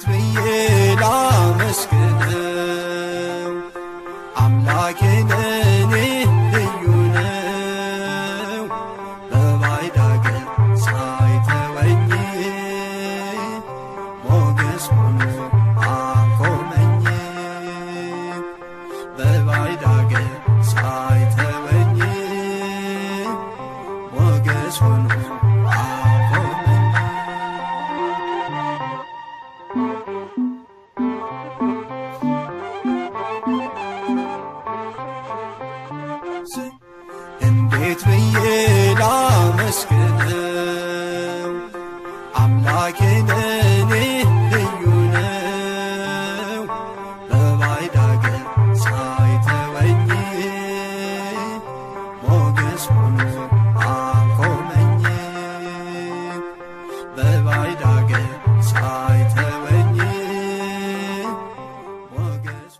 እንዴት ብዬ ላመስግነው አምላኬን እኔ ልዩ ነው በባዕድ ሳይተወኝ ሞገስ ሆኖ አቆመኝ በባዕድ አገር ሳይተወኝ ሞገስ ሆኖ እንዴት ብዬ ላመስግነው አምላኬን? እኔ ልዩ ነው በባዕድ ሳይተወኝ ሞገስ ሆኖ አቆመኝ በባዕድ ሳይተወኝ ሞገስ